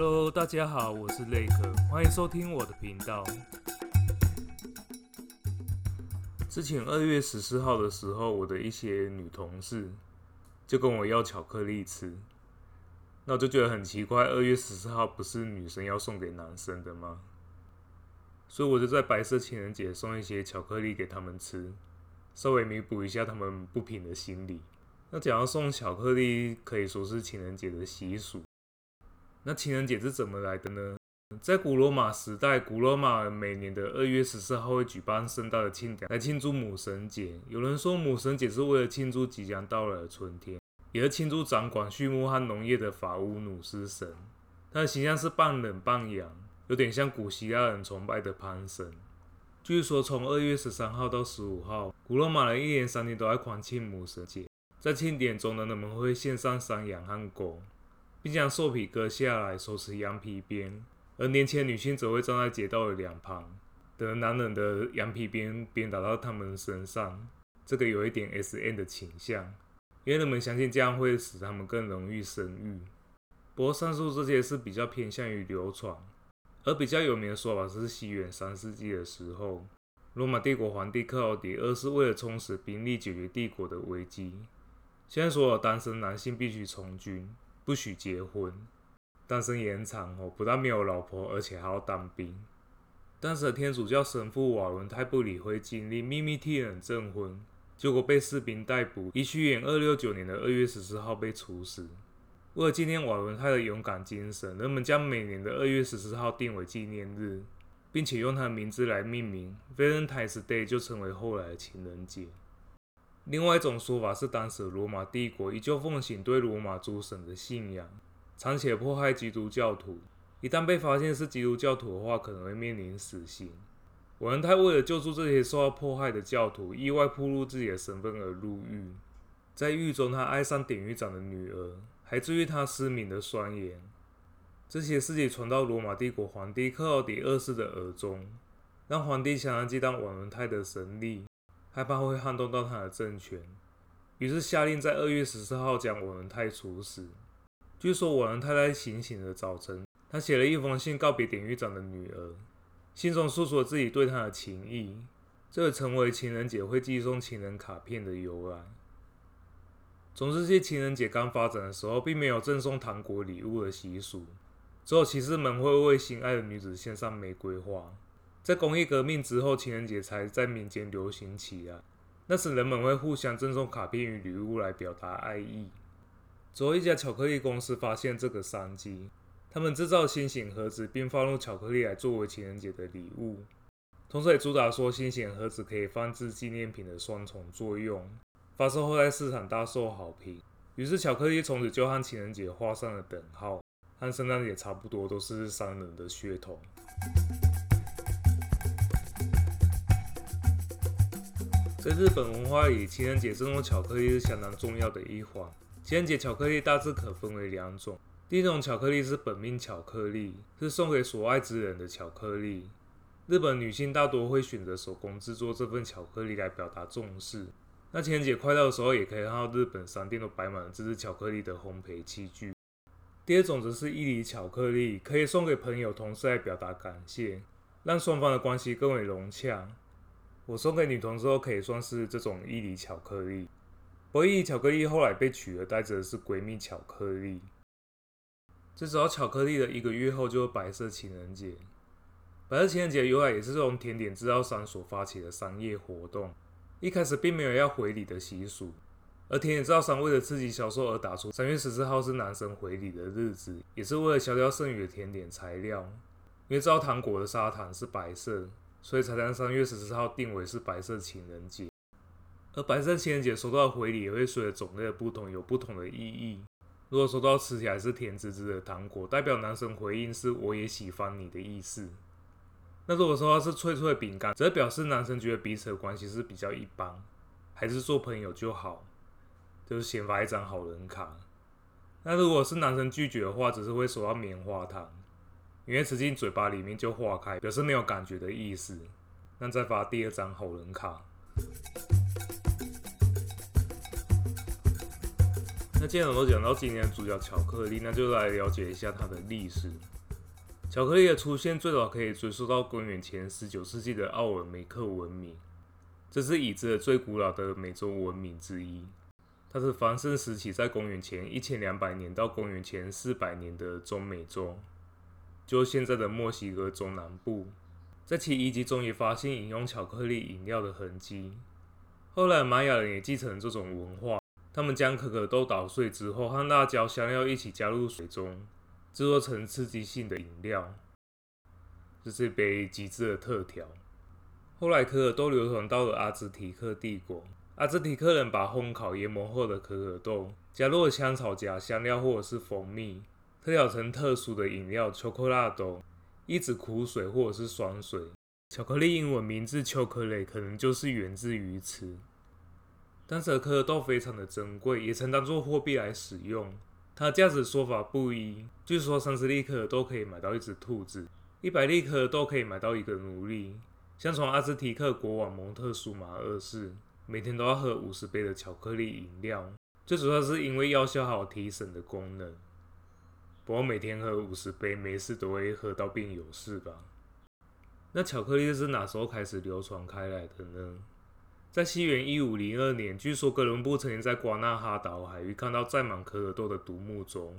Hello，大家好，我是雷克，歡迎收聽我的頻道。之前二月十四號的時候，我的一些女同事就跟我要巧克力吃，那我就覺得很奇怪，二月十四號不是女生要送給男生的嗎？所以我就在白色情人節送一些巧克力給他們吃，稍微彌補一下他們不平的心理。那講要送巧克力，可以說是情人節的習俗。那情人節是怎麼來的呢？在古羅馬時代，古羅馬每年的二月十四號會舉辦盛大的慶典，來慶祝母神節。有人說母神節是為了慶祝即將到來的春天，也是慶祝掌管畜牧和農業的法烏努斯神。他的形象是半人半羊，有點像古希臘人崇拜的潘神。據說從二月十三號到十五號，古羅馬人一連三天都在狂慶母神節。在慶典中呢，人們會獻上山羊和狗並將獸皮割下來，手持羊皮鞭，而年輕女性則會站在街道的兩旁，等男人的羊皮鞭鞭打到他們身上。這個有一點 SM 的傾向，因為人們相信這樣會使他們更容易生育。不過，上述這些是比較偏向於流傳，而比較有名的說法是西元三世紀的時候，羅馬帝國皇帝克勞狄二世為了充實兵力，解決帝國的危機，現在所有單身男性必須從軍。不許結婚，單身延長後，不但沒有老婆，而且還要當兵。當時的天主教神父瓦倫泰不理會禁令，秘密替人證婚，結果被士兵逮捕，西元二六九年的二月十四號被處死。為了紀念瓦倫泰的勇敢精神，人們將每年的二月十四號定為紀念日，並且用他的名字來命名 Valentine's Day，就成為後來的情人節。另外一種說法是，當時羅馬帝國依舊奉行對羅馬諸神的信仰，長期迫害基督教徒。一旦被發現是基督教徒的話，可能會面臨死刑。瓦倫泰為了救助這些受到迫害的教徒，意外暴露自己的身份而入獄。在獄中，他愛上典獄長的女兒，還治癒他失明的雙眼。這些事情傳到羅馬帝國皇帝克勞迪二世的耳中，讓皇帝想要忌憚瓦倫泰的神力。害怕會撼動到他的政權，於是下令在二月十四號將沃倫泰處死。據說沃倫泰在行刑的早晨，他寫了一封信告別典獄長的女兒，信中訴說自己對她的情意，這成為情人節會寄送情人卡片的由來。總之，在情人節剛發展的時候，並沒有贈送糖果禮物的習俗，只有騎士們會為心愛的女子獻上玫瑰花。在工業革命之後，情人節才在民間流行起來。那時，人們會互相贈送卡片與禮物來表達愛意。之後，一家巧克力公司發現這個商機，他們製造心形盒子，並放入巧克力來作為情人節的禮物。同時，也主打說心形盒子可以放置紀念品的雙重作用。發售後，在市場大受好評。於是，巧克力從此就和情人節畫上了等號，和聖誕節差不多，都是商人的血統。在日本文化裡，情人節這種巧克力是相當重要的一環。情人節巧克力大致可分為兩種：第一種巧克力是本命巧克力，是送給所愛之人的巧克力。日本女性大多會選擇手工制作這份巧克力來表達重視。那情人節快到的時候，也可以看到日本商店都擺滿了這支巧克力的烘焙器具。第二種則是義理巧克力，可以送給朋友、同事來表達感謝，讓雙方的關係更為融洽。我送給女同事後，可以算是這種義理巧克力。不過，義理巧克力後來被取而代之的是閨蜜巧克力。只好巧克力的一個月後就是白色情人節。白色情人節由來也是從甜點制造商所發起的商業活動，一開始並沒有要回禮的習俗。而甜點制造商為了刺激銷售而打出三月十四號是男生回禮的日子，也是為了消掉剩餘的甜點材料，因為製造糖果的砂糖是白色。所以才將三月十四號定為是白色情人節，而白色情人節收到的回禮也會隨着種類的不同有不同的意義。如果收到吃起來是甜滋滋的糖果，代表男生回應是“我也喜歡你”的意思。那如果收到是脆脆的餅乾，則表示男生覺得彼此的關係是比較一般，還是做朋友就好，就是先發一張好人卡。那如果是男生拒絕的話，只是會收到棉花糖。因為吃進嘴巴裡面就化開，表示沒有感覺的意思。那再發第二張好人卡。那既然我們講到今天的主角巧克力，那就來了解一下它的歷史。巧克力的出現最早可以追溯到公元前十九世紀的奧爾梅克文明，這是已知的最古老的美洲文明之一。它是繁盛時期在公元前一千兩百年到公元前四百年的中美洲。就現在的墨西哥中南部，在其遺跡中也發現飲用巧克力飲料的痕跡。後來，瑪雅人也繼承了這種文化，他們將可可豆搗碎之後，和辣椒、香料一起加入水中，制作成刺激性的飲料，這，就是一杯極致的特調。後來，可可豆流傳到了阿茲提克帝國，阿茲提克人把烘烤研磨後的可可豆，加入了香草、加香料或者是蜂蜜。調成特殊的飲料，巧克力豆，一指苦水或者是酸水。巧克力英文名字 “Chocolate” 可能就是源自於此。當時的可可豆非常的珍貴，也曾當做貨幣來使用。它價值說法不一，據說三十粒可可豆可以買到一只兔子，一百粒可可豆可以買到一個奴隸。相傳阿茲提克國王蒙特蘇馬二世每天都要喝五十杯的巧克力飲料，最主要是因為藥效好提神的功能。我每天喝五十杯，每次都會喝到病有事吧？那巧克力是哪時候開始流傳開來的呢？在西元一五零二年，據說哥倫布曾經在瓜納哈島海域看到載滿可可豆的獨木舟，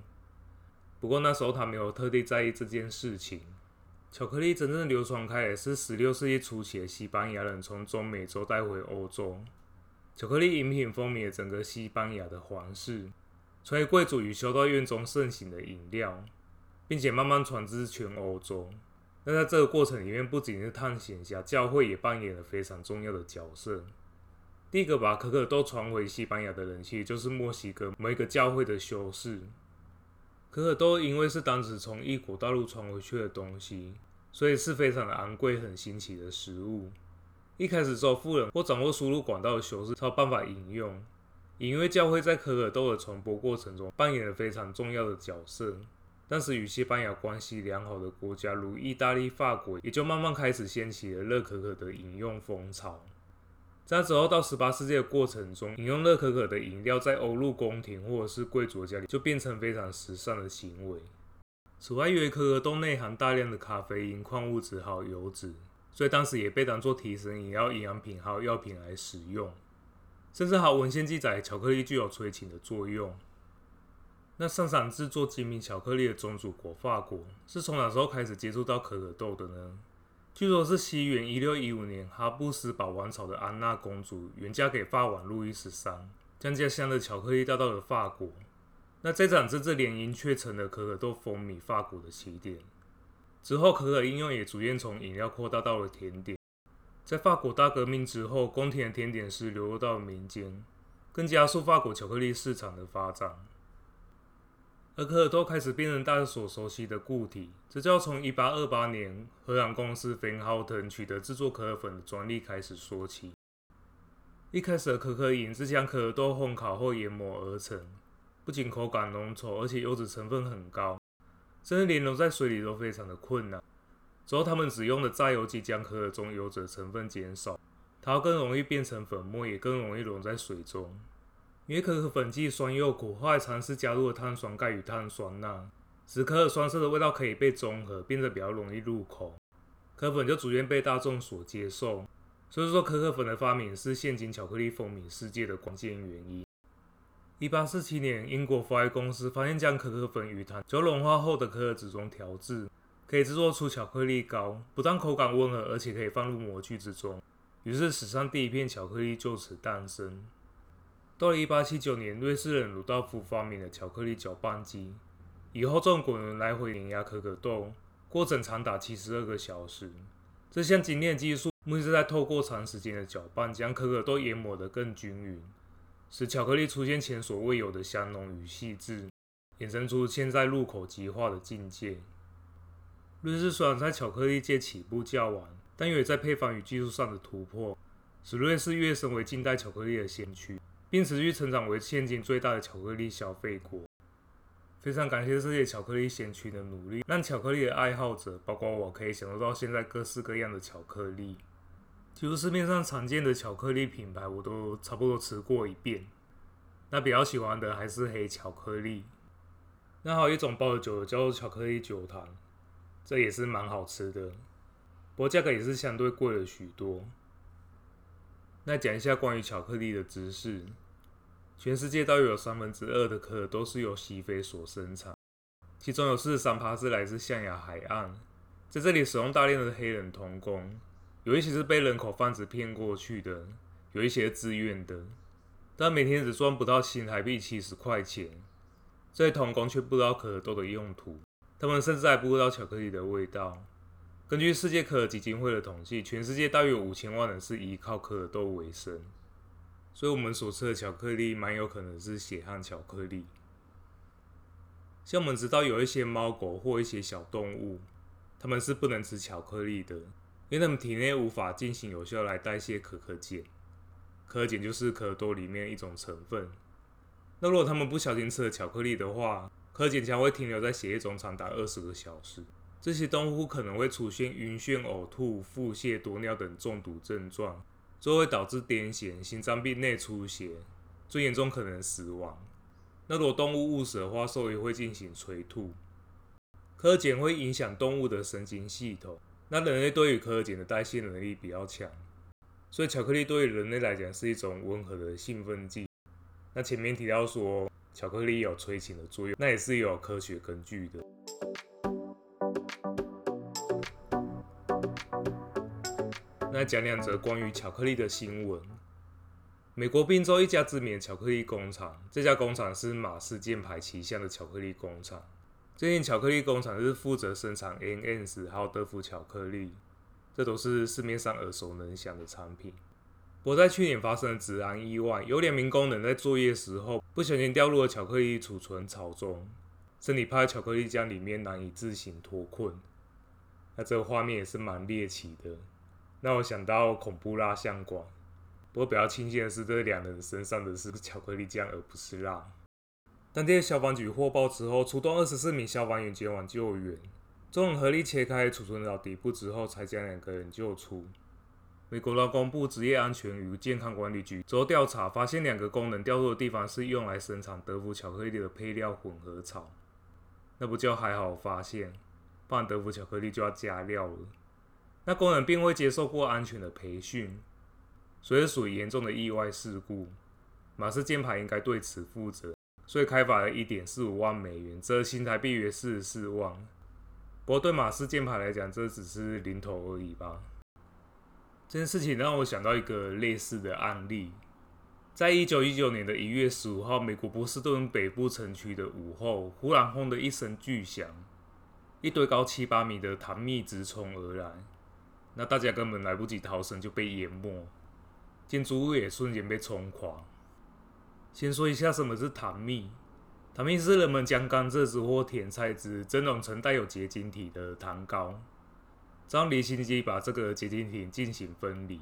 不過那時候他沒有特地在意這件事情。巧克力真正流傳開來是十六世紀初期的西班牙人從中美洲帶回歐洲，巧克力飲品風靡了整個西班牙的皇室，成為貴族與修道院中盛行的飲料，並且慢慢傳至全歐洲。那在這個過程裡面，不僅是探險家，教會也扮演了非常重要的角色。第一個把可可豆傳回西班牙的人，其實就是墨西哥某一個教會的修士。可可豆因為是當時從異國大陸傳回去的東西，所以是非常的昂貴、很新奇的食物。一開始只有富人或掌握輸入管道的修士才有辦法飲用。因為教會在可可豆的傳播過程中扮演了非常重要的角色，當時與西班牙關係良好的國家如意大利、法國，也就慢慢開始掀起了熱可可的飲用風潮。在之後到十八世紀的過程中，飲用熱可可的飲料在歐陸宮廷或者是貴族家裡就變成非常時尚的行為。此外，因為可可豆內含大量的咖啡因、礦物質和油脂，所以當時也被當作提神飲料、營養品還有藥品來使用。甚至還有文獻記載，巧克力具有催情的作用。那生產製作精品巧克力的宗主國法國，是從哪時候開始接觸到可可豆的呢？據說是西元一六一五年，哈布斯堡王朝的安娜公主遠嫁給法王路易十三，將家鄉的巧克力帶到了法國。那這場政治聯姻卻成了可可豆風靡法國的起點。之後，可可應用也逐漸從飲料擴大到了甜點。在法國大革命之後，宮廷的甜點師流入到了民間，更加速法國巧克力市場的發展。而可可豆開始變成大家所熟悉的固體，這就要從1828年荷蘭公司 Van Houten 取得製作可可粉的專利開始說起。一開始的可可飲是將可可豆烘烤後研磨而成，不僅口感濃稠，而且油脂成分很高，甚至連溶在水裡都非常的困難。之後，他們使用的榨油機將可可中的油脂成分減少，它更容易變成粉末，也更容易溶在水中。因為可可粉既酸又苦，後來嘗試加入了碳酸鈣與碳酸鈉，使可可酸澀的味道可以被中和，變得比較容易入口。可可粉就逐漸被大眾所接受，所以說可可粉的發明是現今巧克力風靡世界的關鍵原因。一八四七年，英國 Fry 公司發現將可可粉與糖球融化後的可可脂中調制。可以製作出巧克力糕，不但口感溫和，而且可以放入模具之中。於是，史上第一片巧克力就此誕生。到了1879年，瑞士人魯道夫發明了巧克力攪拌機。以後，滾輪，來回碾壓可可豆，過程長達72個小時。這項精煉技術目的是在透過長時間的攪拌，將可可豆研磨得更均勻，使巧克力出現前所未有的香濃與細緻，衍生出現在入口即化的境界。瑞士雖然在巧克力界起步較晚，但因在配方與技術上的突破，使瑞士躍升為近代巧克力的先驅，並持續成長為現今最大的巧克力消費國。非常感謝這些巧克力先驅的努力，讓巧克力的愛好者，包括我可以享受到現在各式各樣的巧克力。其實市面上常見的巧克力品牌，我都差不多吃過一遍。那比較喜歡的還是黑巧克力。那還有一種包的酒，叫做巧克力酒糖。這也是蠻好吃的，不過價格也是相對貴了許多。那講一下關於巧克力的知識，全世界大約有三分之二的可可豆都是由西非所生產，其中有四十三趴是來自象牙海岸，在這裡使用大量的黑人童工，有一些是被人口販子騙過去的，有一些是自願的，但每天只賺不到新台幣七十塊錢，這些童工卻不知道可可豆的用途。他們甚至還不知道巧克力的味道。根據世界可可基金會的統計，全世界大約有五千萬人是依靠可可豆為生，所以，我們所吃的巧克力，蠻有可能是血汗巧克力。像我們知道，有一些貓狗或一些小動物，他們是不能吃巧克力的，因為他們體內無法進行有效來代謝可可鹼。可可鹼就是可可豆裡面一種成分。那如果他們不小心吃了巧克力的話，可可鹼將會停留在血液中長達二十個小時，這些動物可能會出現暈眩、嘔吐、腹瀉、多尿等中毒症狀，這會導致癲癇、心臟病、內出血，最嚴重可能死亡。那如果動物誤食的話，獸醫會進行催吐。可可鹼會影響動物的神經系統，那人類對於可可鹼的代謝能力比較強，所以巧克力對於人類來講是一種溫和的興奮劑。那前面提到說。巧克力有催情的作用，那也是有科學根據的。那講兩則關於巧克力的新聞。美國賓州一家知名巧克力工廠，這家工廠是馬氏箭牌旗下的巧克力工廠。這家巧克力工廠是負責生產 NNS 還有德芙巧克力，這都是市面上耳熟能詳的產品。我在去年發生的職安意外，有兩名工人在作業時候，不小心掉入了巧克力儲存槽中，身體泡在巧克力漿裡面，難以自行脫困。那這個畫面也是蠻獵奇的。那我想到恐怖蠟像館，不過比較慶幸的是，這兩人身上的是巧克力漿而不是蠟。當地的消防局獲報之後，出動二十四名消防員前往救援，眾人合力切開儲存槽底部之後，才將兩個人救出。美國勞工部職業安全與健康管理局昨調查發現，兩個工人掉落的地方是用來生產德芙巧克力的配料混合槽。那不就還好發現，放德芙巧克力就要加料了。那工人並未接受過安全的培訓，所以是屬於嚴重的意外事故。瑪氏箭牌應該對此負責，所以開罰了一點四五萬美元，折新台幣約四十四萬。不過對瑪氏箭牌來講，這是只是零頭而已吧。這件事情讓我想到一個類似的案例，在一九一九年的一月十五號，美國波士頓北部城區的午後，忽然轟的一聲巨響，一堆高七八米的糖蜜直衝而來，那大家根本來不及逃生就被淹沒，建築物也瞬間被衝垮。先說一下什麼是糖蜜，糖蜜是人們將甘蔗汁或甜菜汁蒸融成帶有結晶體的糖膏，讓離心機把這個結晶體進行分離，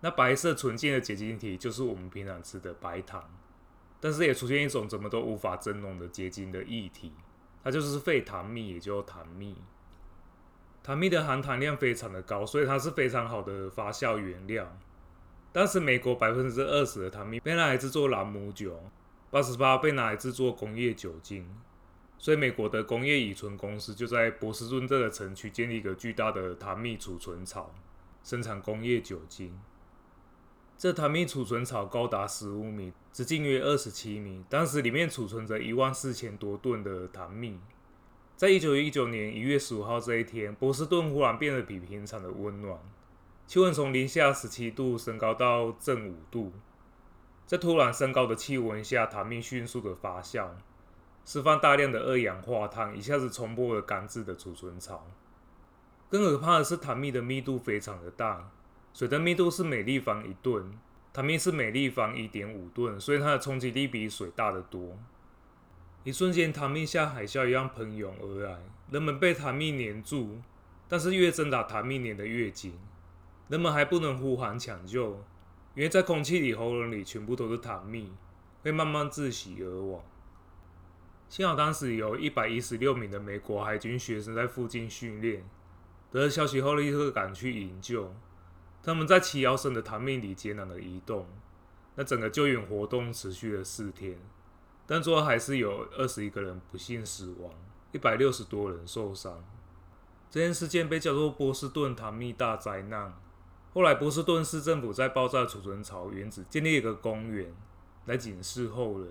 那白色純淨的結晶體就是我們平常吃的白糖，但是也出現一種怎麼都無法蒸溶的結晶的液體，它就是廢糖蜜，也就糖蜜。糖蜜的含糖量非常的高，所以它是非常好的發酵原料。當時美國百分之二十的糖蜜被拿來製作朗姆酒，八十八被拿來製作工業酒精。所以，美國的工業乙醇公司就在波士頓這個城區建立一個巨大的糖蜜儲存槽，生產工業酒精。這糖蜜儲存槽高達十五米，直徑約二十七米，當時裡面儲存着一萬四千多噸的糖蜜。在一九一九年一月十五號這一天，波士頓忽然變得比平常的溫暖，氣溫從零下十七度升高到正五度。在突然升高的氣溫下，糖蜜迅速的發酵。釋放大量的二氧化碳，一下子衝破了鋼製的儲存槽。更可怕的是，糖蜜的密度非常的大，水的密度是每立方一噸，糖蜜是每立方一點五噸，所以它的衝擊力比水大得多。一瞬間，糖蜜像海嘯一樣噴湧而來，人們被糖蜜粘住，但是越掙扎，糖蜜粘得越緊。人們還不能呼喊搶救，因為在空氣裡、喉嚨裡全部都是糖蜜，會慢慢窒息而亡。幸好當時有一百一十六名的美國海軍學生在附近訓練，得知消息後立刻趕去營救。他們在齊腰深的糖蜜裡艱難的移動。那整個救援活動持續了四天，但最後還是有二十一個人不幸死亡，一百六十多人受傷。這件事件被叫做波士頓糖蜜大災難。後來波士頓市政府在爆炸儲存槽原址建立一個公園，來警示後人。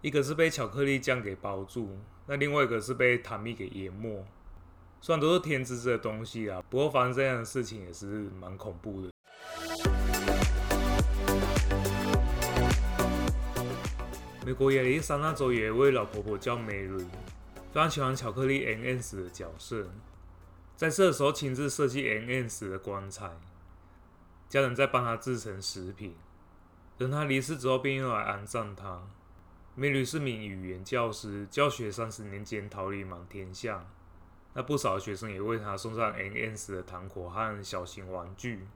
一個是被巧克力醬給包住，那另外一個是被糖蜜給淹沒。雖然都是甜滋滋的東西啊，不過發生這樣的事情也是蠻恐怖的。美國亞利桑那州有一位老婆婆叫 Mary，非常喜歡巧克力 M&M's 的角色,在世的時候親自設計 M&M's 的棺材,家人在幫她制成食品,等她離世之後便用來安葬她。美女是名語言教師，教學三十年間桃李滿天下。那不少學生也為他送上 NS 的糖果和小型玩具。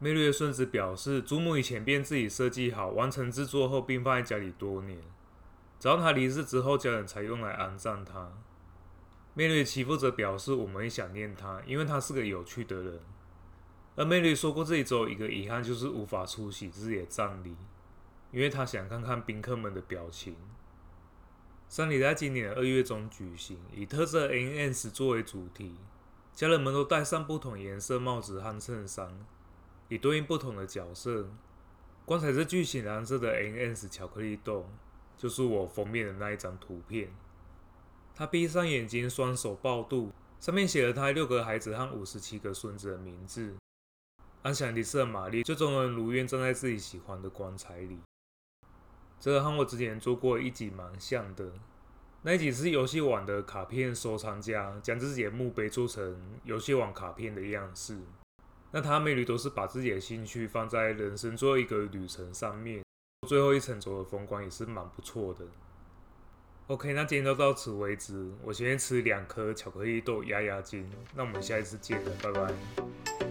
美女的孫子表示，祖母以前便自己設計好，完成制作後並放在家裡多年。直到他離世之後，家人才用來安葬他。美女的媳婦則表示，我們會想念他，因為他是個有趣的人。而美女說過，自己只有一個遺憾就是無法出席自己的葬禮。因為他想看看賓客們的表情。葬禮在今年的二月中舉行，以特色 M&M's 作為主題。家人們都戴上不同顏色帽子和襯衫，以對應不同的角色。棺材是巨型藍色的 M&M's 巧克力豆，就是我封面的那一張圖片。他閉上眼睛，雙手抱肚，上面寫了他六個孩子和五十七個孫子的名字。安詳迪斯瑪麗最終能如願站在自己喜歡的棺材裡。這個和我之前做過一集蠻像的，那一集是遊戲網的卡片收藏家，將自己的墓碑做成遊戲網卡片的樣式。那他美女都是把自己的興趣放在人生最後一個旅程上面，最後一程走的風光也是蠻不錯的。OK，那今天就到此為止，我先吃兩顆巧克力豆壓壓驚。那我們下一次見了，拜拜。